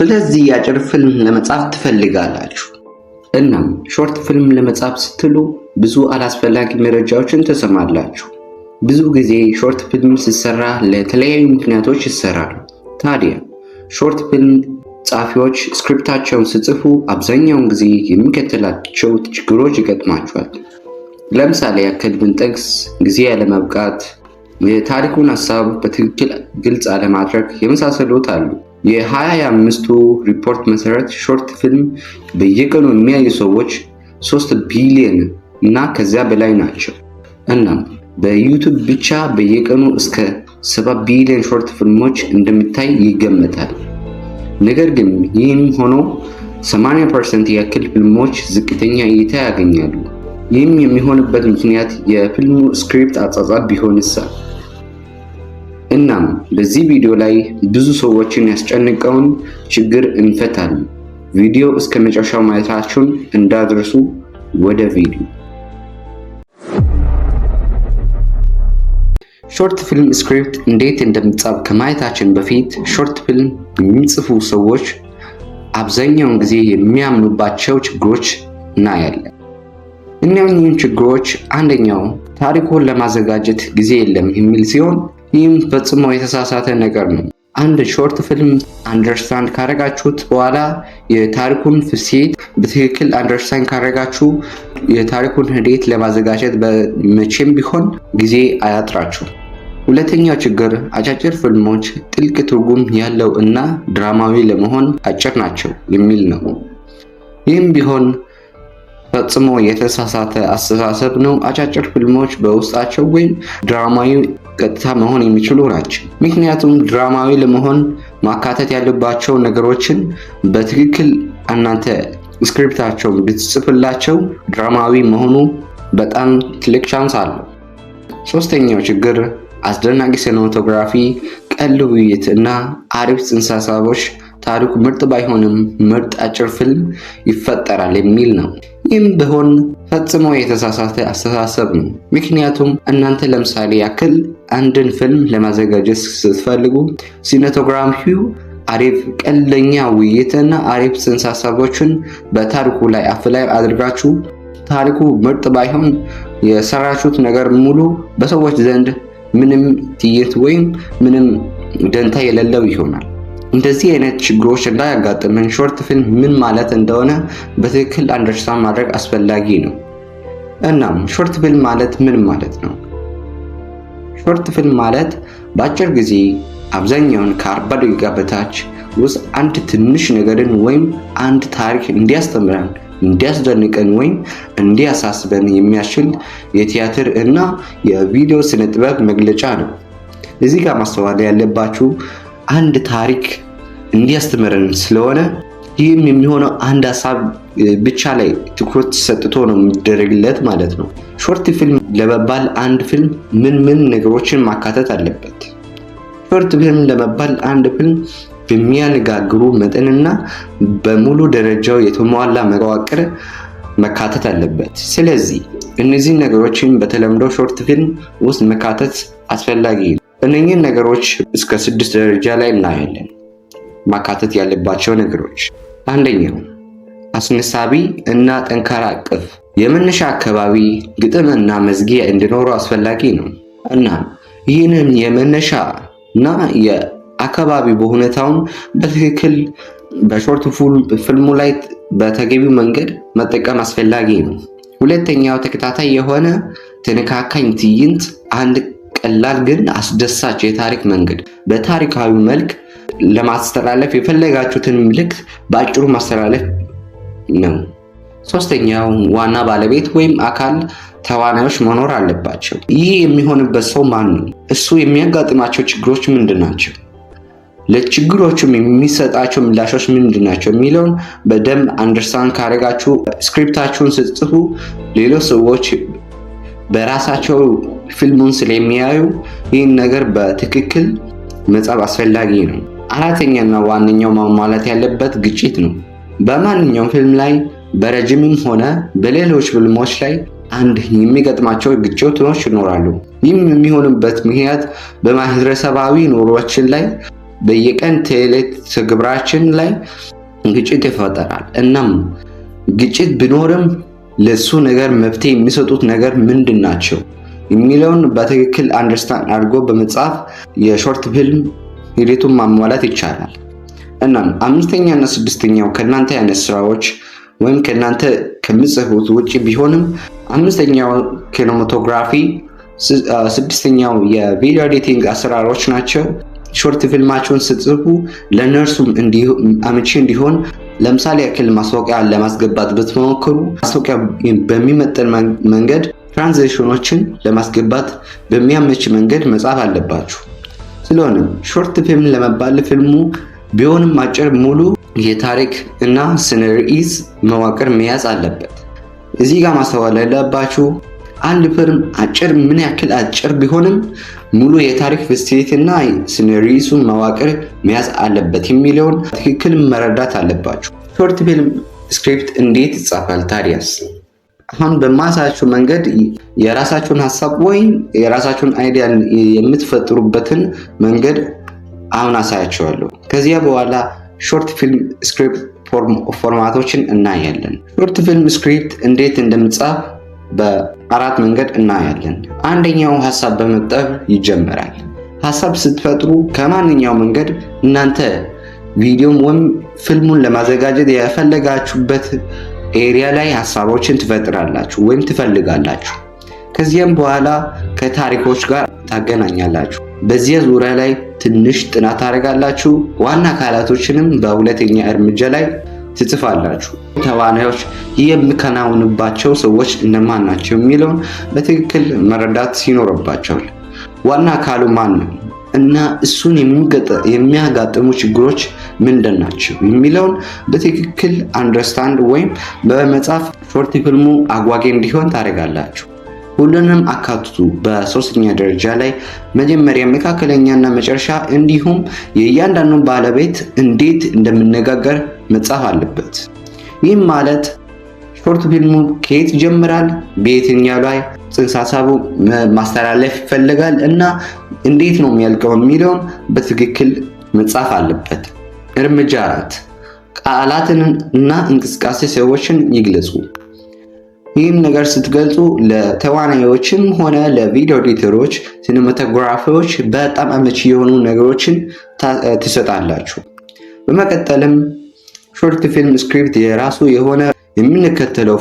ስለዚህ የአጭር ፊልም ለመጻፍ ትፈልጋላችሁ። እናም ሾርት ፊልም ለመጻፍ ስትሉ ብዙ አላስፈላጊ መረጃዎችን ትሰማላችሁ። ብዙ ጊዜ ሾርት ፊልም ሲሰራ ለተለያዩ ምክንያቶች ይሰራሉ። ታዲያ ሾርት ፊልም ጻፊዎች ስክሪፕታቸውን ሲጽፉ አብዛኛውን ጊዜ የሚከተላቸው ችግሮች ይገጥማቸዋል። ለምሳሌ ያክል ብንጠቅስ ጊዜ ያለመብቃት፣ የታሪኩን ሀሳብ በትክክል ግልጽ አለማድረግ የመሳሰሉት አሉ። የ25ቱ ሪፖርት መሰረት ሾርት ፊልም በየቀኑ የሚያዩ ሰዎች 3 ቢሊዮን እና ከዚያ በላይ ናቸው። እናም በዩቱብ ብቻ በየቀኑ እስከ ሰ7 ቢሊዮን ሾርት ፊልሞች እንደሚታይ ይገመታል። ነገር ግን ይህም ሆኖ 80% ያክል ፊልሞች ዝቅተኛ እይታ ያገኛሉ። ይህም የሚሆንበት ምክንያት የፊልሙ ስክሪፕት አጻጻፍ ቢሆንሳ እናም በዚህ ቪዲዮ ላይ ብዙ ሰዎችን ያስጨንቀውን ችግር እንፈታለን። ቪዲዮ እስከ መጨረሻው ማየታችሁን እንዳደርሱ። ወደ ቪዲዮ ሾርት ፊልም ስክሪፕት እንዴት እንደምጻፍ ከማየታችን በፊት ሾርት ፊልም የሚጽፉ ሰዎች አብዛኛውን ጊዜ የሚያምኑባቸው ችግሮች እናያለን። እነዚህም ችግሮች አንደኛው ታሪኩን ለማዘጋጀት ጊዜ የለም የሚል ሲሆን ይህም ፈጽሞ የተሳሳተ ነገር ነው። አንድ ሾርት ፊልም አንደርስታንድ ካረጋችሁት በኋላ የታሪኩን ፍሴት በትክክል አንደርስታንድ ካረጋችሁ የታሪኩን ሂደት ለማዘጋጀት በመቼም ቢሆን ጊዜ አያጥራችሁ። ሁለተኛው ችግር አጫጭር ፊልሞች ጥልቅ ትርጉም ያለው እና ድራማዊ ለመሆን አጭር ናቸው የሚል ነው። ይህም ቢሆን ፈጽሞ የተሳሳተ አስተሳሰብ ነው። አጫጭር ፊልሞች በውስጣቸው ወይም ድራማዊ ቀጥታ መሆን የሚችሉ ናቸው። ምክንያቱም ድራማዊ ለመሆን ማካተት ያለባቸው ነገሮችን በትክክል እናንተ ስክሪፕታቸው ብትጽፍላቸው ድራማዊ መሆኑ በጣም ትልቅ ቻንስ አለው። ሶስተኛው ችግር አስደናቂ ሲኔማቶግራፊ፣ ቀል ውይይት እና አሪፍ ጽንሰ ሀሳቦች ታሪኩ ምርጥ ባይሆንም ምርጥ አጭር ፊልም ይፈጠራል የሚል ነው። ይህም ቢሆን ፈጽሞ የተሳሳተ አስተሳሰብ ነው። ምክንያቱም እናንተ ለምሳሌ ያክል አንድን ፊልም ለማዘጋጀት ስትፈልጉ ሲነቶግራፊው አሪፍ ቀለኛ ውይይትና አሪፍ ጽንሰ ሀሳቦችን በታሪኩ ላይ አፍላይ አድርጋችሁ ታሪኩ ምርጥ ባይሆን የሰራችሁት ነገር ሙሉ በሰዎች ዘንድ ምንም ትይት ወይም ምንም ደንታ የሌለው ይሆናል። እንደዚህ አይነት ችግሮች እንዳያጋጥመን ሾርት ፊልም ምን ማለት እንደሆነ በትክክል አንደርስታንድ ማድረግ አስፈላጊ ነው። እናም ሾርት ፊልም ማለት ምን ማለት ነው? ሾርት ፊልም ማለት በአጭር ጊዜ አብዛኛውን ከአርባ ደቂቃ በታች ውስጥ አንድ ትንሽ ነገርን ወይም አንድ ታሪክ እንዲያስተምረን እንዲያስደንቀን ወይም እንዲያሳስበን የሚያስችል የቲያትር እና የቪዲዮ ስነጥበብ መግለጫ ነው። እዚህ ጋር ማስተዋል ያለባችሁ አንድ ታሪክ እንዲያስተምረን ስለሆነ ይህም የሚሆነው አንድ ሀሳብ ብቻ ላይ ትኩረት ሰጥቶ ነው የሚደረግለት ማለት ነው። ሾርት ፊልም ለመባል አንድ ፊልም ምን ምን ነገሮችን ማካተት አለበት? ሾርት ፊልም ለመባል አንድ ፊልም በሚያነጋግሩ መጠንና በሙሉ ደረጃው የተሟላ መዋቅር መካተት አለበት። ስለዚህ እነዚህ ነገሮችን በተለምዶ ሾርት ፊልም ውስጥ መካተት አስፈላጊ ነው። እነኚህን ነገሮች እስከ ስድስት ደረጃ ላይ እናያለን። ማካተት ያለባቸው ነገሮች አንደኛው አስነሳቢ እና ጠንካራ እቅፍ የመነሻ አካባቢ ግጥም እና መዝጊያ እንዲኖረው አስፈላጊ ነው። እናም ይህንን የመነሻ እና የአካባቢ በሁኔታውን በትክክል በሾርት ፊልሙ ላይ በተገቢው መንገድ መጠቀም አስፈላጊ ነው። ሁለተኛው ተከታታይ የሆነ ተነካካኝ ትዕይንት አንድ ቀላል ግን አስደሳች የታሪክ መንገድ በታሪካዊ መልክ ለማስተላለፍ የፈለጋችሁትን ምልክት በአጭሩ ማስተላለፍ ነው። ሶስተኛው ዋና ባለቤት ወይም አካል ተዋናዮች መኖር አለባቸው። ይህ የሚሆንበት ሰው ማን ነው? እሱ የሚያጋጥማቸው ችግሮች ምንድን ናቸው? ለችግሮቹም የሚሰጣቸው ምላሾች ምንድን ናቸው የሚለውን በደንብ አንደርስታንድ ካደረጋችሁ ስክሪፕታችሁን ስትጽፉ ሌሎች ሰዎች በራሳቸው ፊልሙን ስለሚያዩ ይህን ነገር በትክክል መጻፍ አስፈላጊ ነው። አራተኛና ዋነኛው ማሟላት ያለበት ግጭት ነው። በማንኛውም ፊልም ላይ በረጅምም ሆነ በሌሎች ፊልሞች ላይ አንድ የሚገጥማቸው ግጭቶች ይኖራሉ። ይህም የሚሆንበት ምክንያት በማህበረሰባዊ ኑሯችን ላይ በየቀን ተዕለት ተግባራችን ላይ ግጭት ይፈጠራል። እናም ግጭት ቢኖርም ለሱ ነገር መፍትሄ የሚሰጡት ነገር ምንድን ናቸው? የሚለውን በትክክል አንደርስታንድ አድርጎ በመጻፍ የሾርት ፊልም ሂደቱን ማሟላት ይቻላል። እናም አምስተኛ እና ስድስተኛው ከእናንተ አይነት ስራዎች ወይም ከእናንተ ከምጽፉት ውጭ ቢሆንም አምስተኛው ኪኖማቶግራፊ፣ ስድስተኛው የቪዲዮ ኤዲቲንግ አሰራሮች ናቸው። ሾርት ፊልማቸውን ስትጽፉ ለእነርሱም አመቺ እንዲሆን ለምሳሌ ያክል ማስታወቂያ ለማስገባት ብትሞክሩ ማስታወቂያ በሚመጠን መንገድ ትራንዚሽኖችን ለማስገባት በሚያመች መንገድ መጻፍ አለባችሁ። ስለሆነም ሾርት ፊልም ለመባል ፊልሙ ቢሆንም አጭር፣ ሙሉ የታሪክ እና ስነ ርዕስ መዋቅር መያዝ አለበት። እዚህ ጋር ማስተዋል ያለባችሁ አንድ ፊልም አጭር ምን ያክል አጭር ቢሆንም ሙሉ የታሪክ ፍሰትና ስነ ርዕሱን መዋቅር መያዝ አለበት የሚለውን ትክክል መረዳት አለባችሁ። ሾርት ፊልም ስክሪፕት እንዴት ይጻፋል ታዲያስ? አሁን በማሳያችሁ መንገድ የራሳችሁን ሀሳብ ወይም የራሳችሁን አይዲያን የምትፈጥሩበትን መንገድ አሁን አሳያችኋለሁ። ከዚያ በኋላ ሾርት ፊልም ስክሪፕት ፎርማቶችን እናያለን። ሾርት ፊልም ስክሪፕት እንዴት እንደምጻፍ በአራት መንገድ እናያለን። አንደኛው ሀሳብ በመጠብ ይጀመራል። ሀሳብ ስትፈጥሩ ከማንኛው መንገድ እናንተ ቪዲዮም ወይም ፊልሙን ለማዘጋጀት የፈለጋችሁበት ኤሪያ ላይ ሀሳቦችን ትፈጥራላችሁ ወይም ትፈልጋላችሁ። ከዚያም በኋላ ከታሪኮች ጋር ታገናኛላችሁ። በዚያ ዙሪያ ላይ ትንሽ ጥናት ታደርጋላችሁ። ዋና አካላቶችንም በሁለተኛ እርምጃ ላይ ትጽፋላችሁ። ተዋናዮች የሚከናውንባቸው ሰዎች እነማን ናቸው የሚለውን በትክክል መረዳት ይኖርባቸዋል። ዋና አካሉ ማን ነው? እና እሱን የሚያጋጥሙ ችግሮች ምንድን ናቸው የሚለውን በትክክል አንደርስታንድ ወይም በመጻፍ ሾርት ፊልሙ አጓጊ እንዲሆን ታደርጋላችሁ። ሁሉንም አካትቱ። በሶስተኛ ደረጃ ላይ መጀመሪያ፣ መካከለኛና መጨረሻ እንዲሁም የእያንዳንዱን ባለቤት እንዴት እንደምነጋገር መጻፍ አለበት። ይህም ማለት ሾርት ፊልሙ ከየት ይጀምራል፣ በየትኛው ላይ ጽንሰ ሀሳቡ ማስተላለፍ ይፈልጋል እና እንዴት ነው የሚያልቀው የሚለውን በትክክል መጻፍ አለበት። እርምጃ አራት ቃላትንና እንቅስቃሴ ሰዎችን ይግለጹ። ይህም ነገር ስትገልጹ ለተዋናዮችም ሆነ ለቪዲዮ ኤዲተሮች፣ ሲኒማቶግራፊዎች በጣም አመቺ የሆኑ ነገሮችን ትሰጣላችሁ። በመቀጠልም ሾርት ፊልም ስክሪፕት የራሱ የሆነ የምንከተለው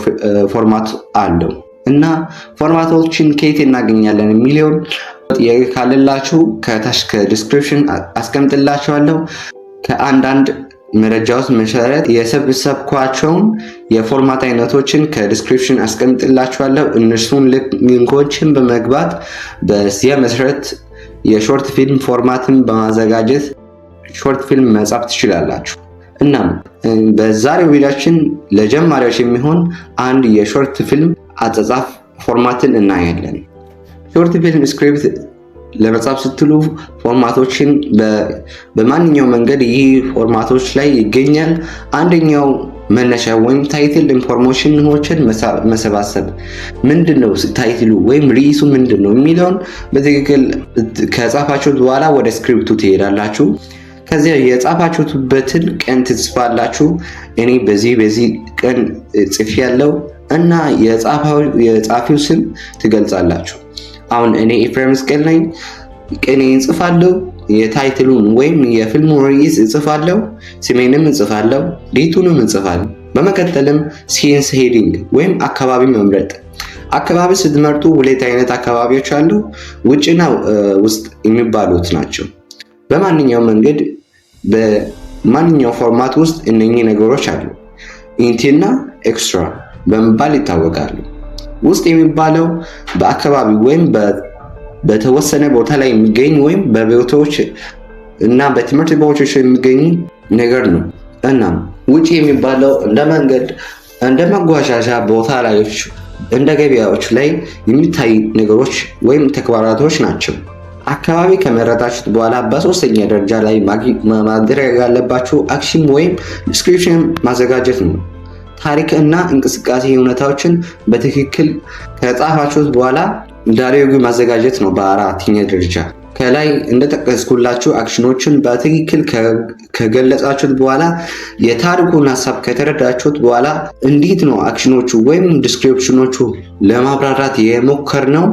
ፎርማት አለው እና ፎርማቶችን ከየት እናገኛለን የሚለውን ጥያቄ ካለላችሁ ከታች ከዲስክሪፕሽን አስቀምጥላችኋለሁ። ከአንዳንድ መረጃዎች መሰረት የሰበሰብኳቸውን የፎርማት አይነቶችን ከዲስክሪፕሽን አስቀምጥላችኋለሁ። እነሱን ሊንኮችን በመግባት በዚያ መሰረት የሾርት ፊልም ፎርማትን በማዘጋጀት ሾርት ፊልም መጻፍ ትችላላችሁ። እናም በዛሬው ቪዲዮችን ለጀማሪዎች የሚሆን አንድ የሾርት ፊልም አጻጻፍ ፎርማትን እናያለን። የወርድ ፊልም ስክሪፕት ለመጻፍ ስትሉ ፎርማቶችን በማንኛው መንገድ ይህ ፎርማቶች ላይ ይገኛል። አንደኛው መነሻ ወይም ታይትል ኢንፎርሜሽኖችን መሰባሰብ ምንድን ነው፣ ታይትሉ ወይም ርዕሱ ምንድን ነው የሚለውን በትክክል ከጻፋችሁት በኋላ ወደ ስክሪፕቱ ትሄዳላችሁ። ከዚያ የጻፋችሁትበትን ቀን ትጽፋላችሁ። እኔ በዚህ በዚህ ቀን ጽፌያለሁ እና የጻፊው ስም ትገልጻላችሁ። አሁን እኔ ኤፍሬም መስቀል ነኝ። ቅኔ እጽፋለሁ፣ የታይትሉን ወይም የፊልሙ ርዕስ እጽፋለሁ፣ ስሜንም እጽፋለሁ፣ ዴቱንም እጽፋለሁ። በመቀጠልም ሲንስ ሄዲንግ ወይም አካባቢ መምረጥ። አካባቢ ስትመርጡ ሁለት አይነት አካባቢዎች አሉ፣ ውጭና ውስጥ የሚባሉት ናቸው። በማንኛውም መንገድ በማንኛው ፎርማት ውስጥ እነኚህ ነገሮች አሉ። ኢንቲና ኤክስትራ በመባል ይታወቃሉ። ውስጥ የሚባለው በአካባቢ ወይም በተወሰነ ቦታ ላይ የሚገኝ ወይም በቤቶች እና በትምህርት ቤቶች የሚገኝ ነገር ነው። እናም ውጭ የሚባለው እንደ መንገድ፣ እንደ መጓሻሻ ቦታ ላዮች፣ እንደ ገበያዎች ላይ የሚታይ ነገሮች ወይም ተግባራቶች ናቸው። አካባቢ ከመረጣችሁት በኋላ በሶስተኛ ደረጃ ላይ ማድረግ ያለባችሁ አክሽን ወይም ዲስክሪፕሽን ማዘጋጀት ነው። ታሪክ እና እንቅስቃሴ እውነታዎችን በትክክል ከጻፋችሁት በኋላ ዳይሎግ ማዘጋጀት ነው። በአራተኛ ደረጃ ከላይ እንደጠቀስኩላችሁ አክሽኖችን በትክክል ከገለጻችሁት በኋላ የታሪኩን ሀሳብ ከተረዳችሁት በኋላ እንዴት ነው አክሽኖቹ ወይም ዲስክሪፕሽኖቹ ለማብራራት ነው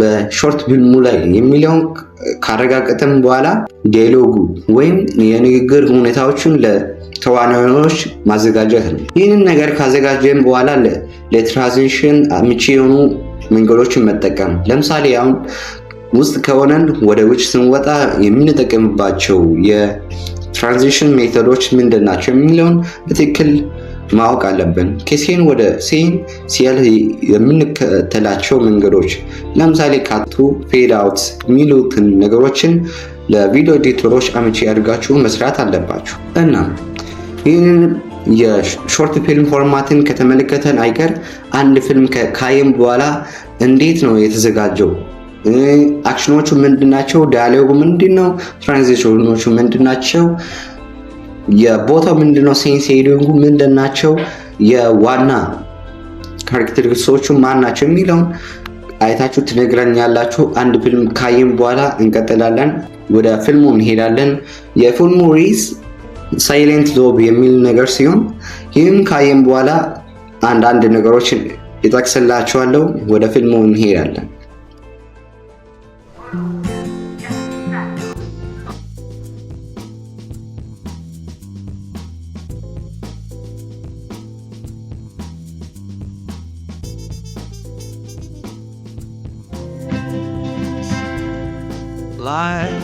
በሾርት ፊልሙ ላይ የሚለውን ካረጋገጥም በኋላ ዳይሎጉ ወይም የንግግር ሁኔታዎችን ተዋናዮች ማዘጋጀት ነው። ይህንን ነገር ካዘጋጀን በኋላ ለትራንዚሽን ምቹ የሆኑ መንገዶችን መጠቀም ለምሳሌ አሁን ውስጥ ከሆነን ወደ ውጭ ስንወጣ የምንጠቀምባቸው የትራንዚሽን ሜቶዶች ምንድን ናቸው የሚለውን በትክክል ማወቅ አለብን። ከሴን ወደ ሴን ሲያል የምንከተላቸው መንገዶች ለምሳሌ ካቱ፣ ፌድ አውት የሚሉትን ነገሮችን ለቪዲዮ ኤዲተሮች አመቺ አድርጋችሁ መስራት አለባችሁ እና ይህንን የሾርት ፊልም ፎርማትን ከተመለከተን አይቀር አንድ ፊልም ካየም በኋላ እንዴት ነው የተዘጋጀው፣ አክሽኖቹ ምንድናቸው፣ ዳያሎጉ ምንድን ነው፣ ትራንዚሽኖቹ ምንድናቸው፣ የቦታው ምንድነው፣ ሄዲንጉ ምንድናቸው፣ የዋና ካራክተሪስቶቹ ማን ናቸው የሚለውን አይታችሁ ትነግረኛላችሁ። አንድ ፊልም ካየም በኋላ እንቀጥላለን፣ ወደ ፊልሙ እንሄዳለን። የፊልሙ ሪዝ ሳይሌንት ዶብ የሚል ነገር ሲሆን ይህም ካየም በኋላ አንዳንድ ነገሮችን ይጠቅስላችኋለሁ። ወደ ፊልሙ እንሄዳለን። Life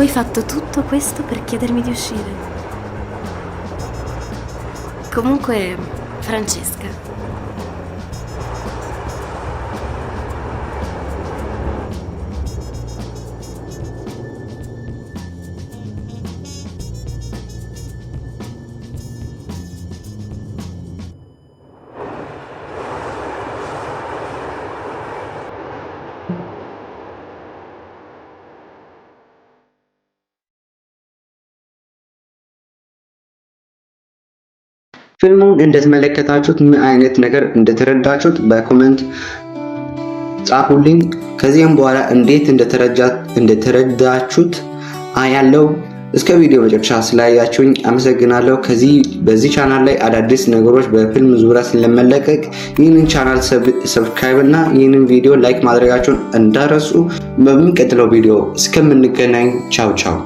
Tu hai fatto tutto questo per chiedermi di uscire. Comunque, Francesca, ፊልሙን እንደተመለከታችሁት ምን አይነት ነገር እንደተረዳችሁት በኮመንት ጻፉልኝ። ከዚህም በኋላ እንዴት እንደተረዳችሁት አያለው። እስከ ቪዲዮ መጨረሻ ስላያችሁኝ አመሰግናለሁ። ከዚህ በዚህ ቻናል ላይ አዳዲስ ነገሮች በፊልም ዙሪያ ስለመለቀቅ ይህንን ቻናል ሰብስክራይብ እና ይህንን ቪዲዮ ላይክ ማድረጋችሁን እንዳረሱ። በሚቀጥለው ቪዲዮ እስከምንገናኝ ቻው ቻው።